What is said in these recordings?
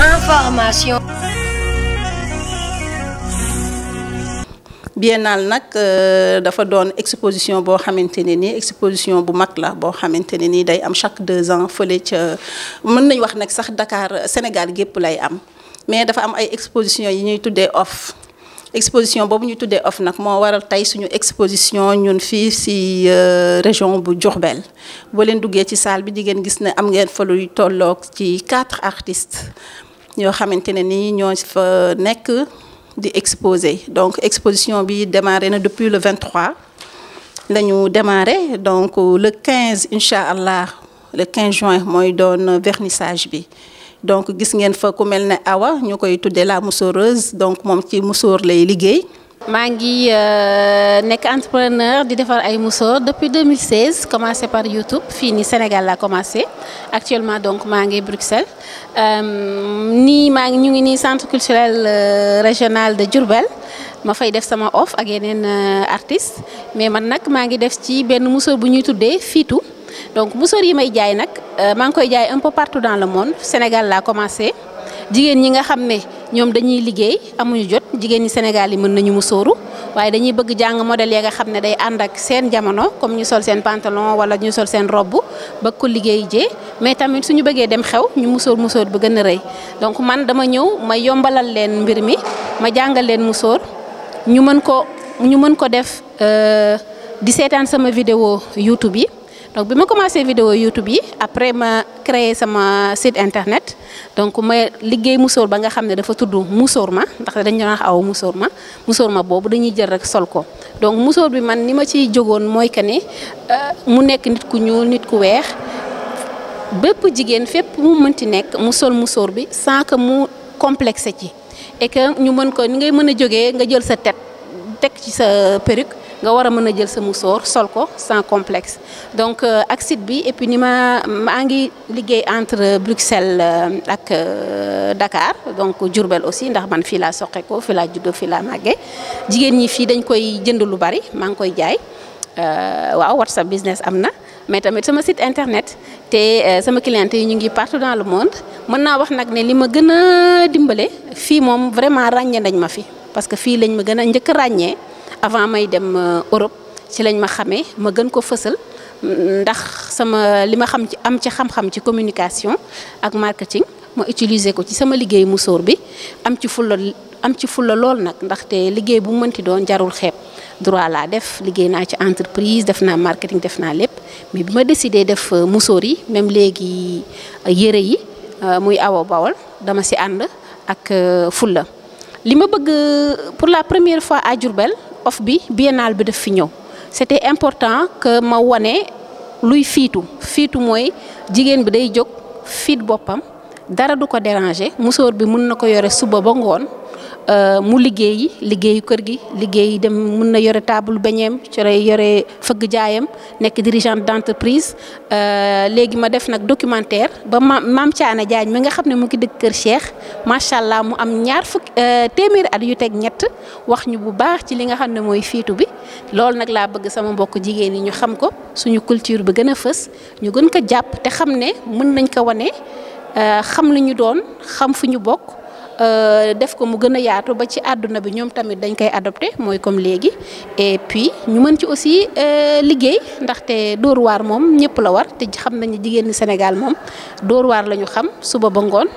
information. biennale nag euh, dafa doon exposition boo xamante ne nii exposition bu mag la boo xamante ne nii day am chaque deux ans fële ca mën nañ wax nag sax Dakar Sénégal gépp lay am mais dafa am ay exposition yi ñuy tuddee off exposition boobu ñuy tuddee off nag moo waral tey suñu exposition ñun fii si euh, région bu Diourbel boo leen duggee ci saal bi di gis ne am ngeen fa luy tolloog ci quatre artistes ñoo xamante ne nii ñoo fa nekk di exposé donc exposition bi démarré na depuis le 23 la ñu démarré donc le 15 incha allah le 15 juin mooy doon vernissage bi donc gis ngeen fa ku mel ne Awa ñu koy tuddee la moussoreuse donc moom ci moussoor lay liggéey. maa ngi euh, nekk entrepreneur di defar ay musóor depuis 2016 commencé par YouTube fii nii Sénégal laa commencé actuellement donc maa ngi Bruxelles euh, nii maa ngi ñu ngi nii centre culturel euh, régional de jurbel ma fay def sama off ak yeneen artistes mais man nag maa ngi def ci benn musóor bu ñuy tuddee fiitu donc musóor yi may jaay nag maa ngi koy jaay un peu partout dans le monde Sénégal laa commencé jigéen ñi nga xam ne. ñoom dañuy liggéey amuñu jot jigéen ñi Sénégal yi mën nañu musóoru waaye dañuy bëgg jàng modèle ya nga xam ne day ànd ak seen jamono comme ñu sol seen pantalon wala ñu sol seen robb ba ko liggéey jee mais tamit suñu bëggee dem xew ñu musóor musóor bu gën a rey donc man dama ñëw ma yombalal leen mbir mi ma jàngal leen musóor ñu mën ko ñu mën ko def euh, di seetaan sama vidéo YouTube yi donc bi ma commencé vidéo YouTube yi après ma créé sama site internet donc ma liggéey musóor ba nga xam ne dafa tudd musóor ma ndax dañ doon aw musóor ma musóor ma boobu dañuy jël rek sol ko donc musóor bi man ni ma ciy jógoon mooy que ni euh, mu nekk nit ku ñuul nit ku weex bépp jigéen fépp mu mënti nekk mu sol musóor bi sans que mu complexe ci et que ñu mën ko ni ngay mën a jóge nga jël sa tet teg ci sa perruque nga war a mën a jël sa musóor sol ko sans complexe donc euh, ak site bi et puis ni ma maa ngi liggéey entre Bruxelles euh, ak euh, dakaar donc Diourbel aussi ndax man fii laa soqeekoo fii laa juddoo fii laa màggee jigéen ñi fii dañ koy jënd lu bari maa ngi koy jaay waaw WhatsApp business am na mais tamit sama sit internet te sama cliente yi ñu ngi partout dans le monde mën naa wax nag ne li ma gën a dimbale fii moom vraiment ràññee nañ ma fi. parce que fii lañ ma gën a njëkk ràññee avant may dem euh, Europe ci lañ ma xamee ma gën ko fësal mm, ndax sama li ma xam ci am ci xam-xam ci communication ak marketing ma utiliser ko ci sama liggéey musóor bi am ci fulla am ci fulla lool nag ndaxte liggéey bu mënti doon jarul xeeb droit laa def liggéey naa ci entreprise def naa marketing def naa lépp mais bi ma décidé def euh, musóor yi même léegi euh, yére yi muy awo bawol dama si ànd ak fulla li ma bëgg pour la première fois à Diourbel of bi biennale bi daf fi ñëw c'était important que ma wane luy fiitu fiitu mooy jigéen bi day jóg fiit boppam dara du ko déranger musóor bi mun na ko yore suba ba ngoon Euh, mu liggéeyi liggéeyu kër gi liggéeyi dem mun na yore table beñeem coro yore fëgg jaayam nekk dirigeante d'entreprise euh, léegi ma def nag documentaire ba ma maam Thiané Diagne mi nga xam ne mu ngi dëkk kër Cheikh macha allah mu am ñaar fukk euh, téeméeri at yu teg ñett wax ñu bu baax ci li nga xam ne mooy fiitu bi loolu nag laa bëgg sama mbokk jigéen yi ñu xam ko suñu culture bi gën a fës ñu gën ko jàpp te xam ne mën nañ ko wane xam lu ñu doon xam fu ñu bokk. Euh, def ko mu gën yaatu ba ci àdduna bi ñoom tamit dañ koy adopté mooy comme léegi et puis ñu mën ci aussi euh, liggéey ndaxte dóor waar moom ñëpp la war te xam nañu jigéen ñi Sénégal moom dóor waar la ñu xam suba ba ngoon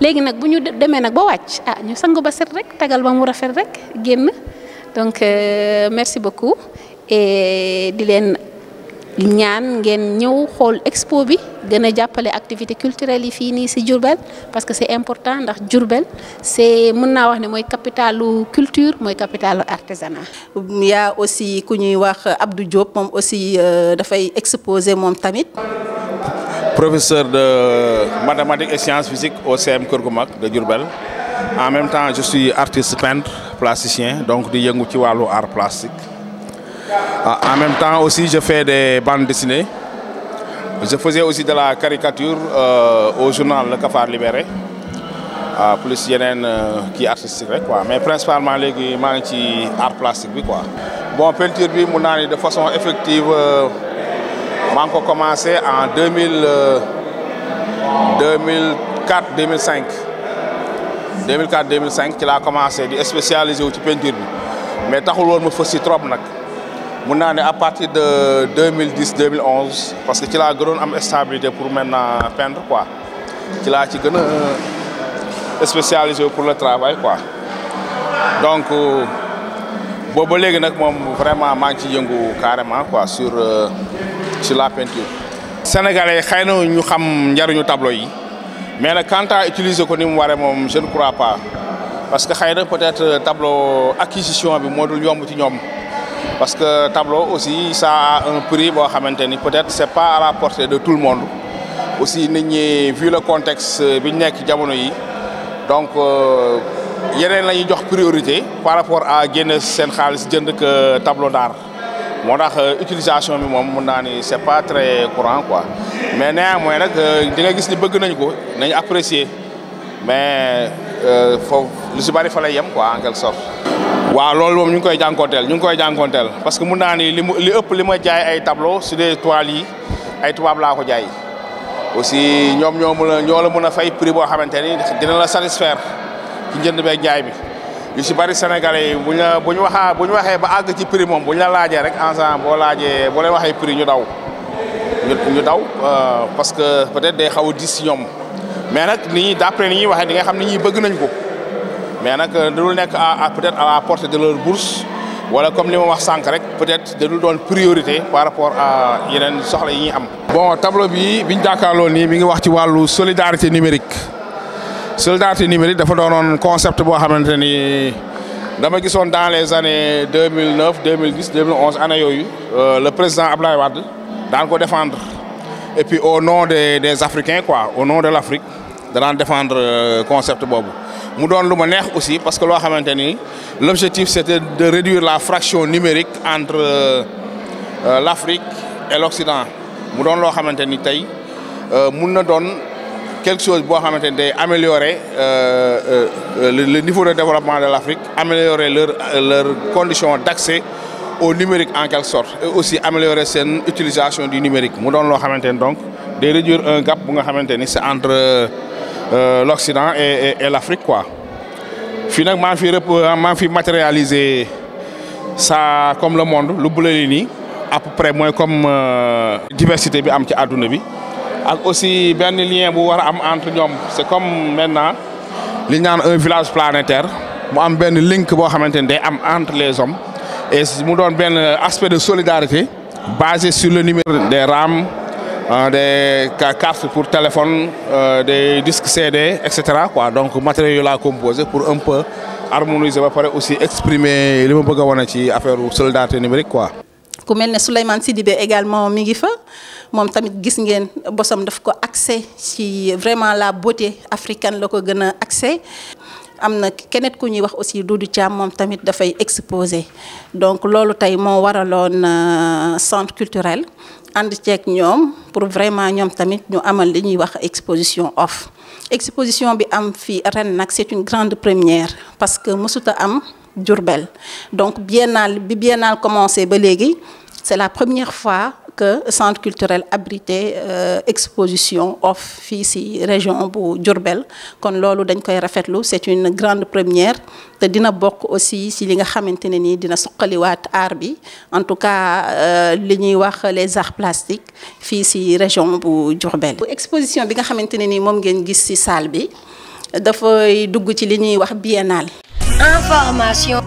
léegi nag bu ñu demee nag ba wàcc ah ñu sangu ba set rek tagal ba mu rafet rek génn donc euh, merci beaucoup et di leen ñaan ngeen ñëw xool expo bi gën a jàppale activité culturelle yi fii nii si Diourbel parce que c'est important ndax Diourbel c'est mën naa wax ne mooy capitalu culture mooy capitalu artisanat. yaa aussi ku ñuy wax Abdou Diop moom aussi euh, dafay exposé moom tamit. professeur de mathématiques et sciences physiques au CM Keur Gu Mag de Diourbel en même temps je suis artiste peintre plasticien donc di yëngu ci wàllu art plastique. Ah, en même temps aussi, je fais des bandes dessinées. Je faisais aussi de la caricature euh, au journal Le Cafard Libéré. Uh, plus yeneen uh, kii artistique rek mais principalement léegi maa ngi ci art plastique bi quoi. bon peinture bi mun naa de façon effective euh, maa ngi ko commencé en deux mille euh, deux mille quatre deux mille cinq. deux mille quatre deux mille cinq ci laa commencé di spécialisé wu ci peinture bi mais taxul woon ma si trop nag. mun naa ne à partir de deux 2010 2011 parce que ci laa gënoon am stabilité pour maintenant peindre quoi ci laa ci gën a spécialisé pour le travail quoi donc euh, boobu léegi nag moom vraiment maa ngi ci yëngu carrément quoi sur euh, sur la peinture. Sénégalais xëy na ñu xam njariñu tablo yi mais nag quant à utiliser ko ni mu waree moom jeune ne crois pas parce que xëy na peut-être tableau acquisition bi moo dul yomb ci ñoom. parce que tableau aussi ça un prix boo xamante ni peut-être c'est pas à la portée de tout le monde aussi nit ñi vu le contexte bi ñu nekk jamono yi donc euh, yeneen la ñuy jox priorité par rapport à génne seen xaalis jënd que tableau d'art moo tax euh, utilisation bi moom mun naa ni c'est pas très courant quoi mais néanmoins nag euh, di nga gis ni bëgg nañ ko nañu apprécier mais foofu lu si bari fa yem quoi en quelque waaw loolu moom ñu ngi koy jànkoonteel ñu ngi koy jànkoonteel parce que mun naa ni li mu li ëpp li ma jaay ay tableau su dee toiles yi ay tubaab laa ko jaay aussi ñoom ñoo mën a ñoo la mën a fay prix boo xamante ni dina la satisfaire ci jënd beeg jaay bi yu si bari sénégalais yi bu ñu bu ñu waxaa bu ñu waxee ba àgg ci moom bu ñu la laajee rek ensemble boo laajee boo leen waxee prix ñu daw ñu daw euh, parce que peut-être day xaw dis si ñoom mais nag ni ñuy d'après ni ñuy waxee di nga xam ni ñuy bëgg nañ ko. mais nag euh, dalu nekk à peut-être à la portée de leur bourse wala comme li ma wax sànq rek peut-être dadul doon priorité par rapport a yeneen soxla yi am. bon tableau bi biñ jàkkaarloo nii mi nga wax ci wàllu solidarité numérique solidarité numérique dafa doonoon concept boo xamante ni dama gisoon dans les années 2009 2010 2011 année yooyu euh, le président Abdoulaye Wade daan ko défendre et puis au nom des des Africains quoi au non de l'Afrique danaan défendre euh, concept boobu. mu doon lu ma neex aussi parce que loo xamante ni l' objectif c' était de réduire la fraction numérique entre euh, euh, l' Afrique et mu doon loo xamante ni tey euh, mun na doon quelque chose boo xamante ni day améliorer le niveau de développement de l' Afrique améliorer leur leur condition d' accès au numérique en quelque sorte et aussi améliorer seen utilisation du numérique mu doon loo xamante ni donc day réduire un gap bu nga xamante ni c'est entre Euh, l'Occident et, et, et l'Afrique quoi fii nag maa fi rep euh, maa fi matérialiser ça comme le monde lu bula li nii à peu près mooy comme euh, diversité bi am ci àdduna bi ak aussi benn lien bu war a am entre ñoom c'est comme maintenant li naan un village planétaire mu am benn link boo xamante ni day am entre les hommes et mu doon benn aspect de solidarité basé sur le numéro des rames Euh, des cartes pour téléphone, euh, des disques CD, etc. Quoi. Donc, matériel la composé pour un peu harmoniser, pare aussi exprimer les mots que affaire aux soldats numériques. Quoi. ku mel ne Souleymane Sidibé également mi ngi fa moom tamit gis ngeen bosam def ko accès ci vraiment la beauté africaine la ko gën a accès am na keneen ku ñuy wax aussi du du Thiam moom tamit dafay exposé donc loolu tey moo waraloon euh, centre culturel ànd ceeg ñoom pour vraiment ñoom tamit ñu amal li ñuy wax exposition off exposition bi am fii ren nag c'est une grande première parce que mësuta am Diourbel donc biennale bi biennale commencé ba léegi c'est la première fois que centre culturel abrité euh, exposition off fii ci région bu Diourbel kon loolu dañ koy rafetlu c'est une grande première te dina bokk aussi ci li nga xamante ne nii dina suqaliwaat art bi en tout cas euh, li ñuy wax les arts plastiques fii ci région bu Diourbel. exposition bi nga xamante ne nii moom ngeen gis ci salle bi dafay dugg ci li ñuy wax biennale. information.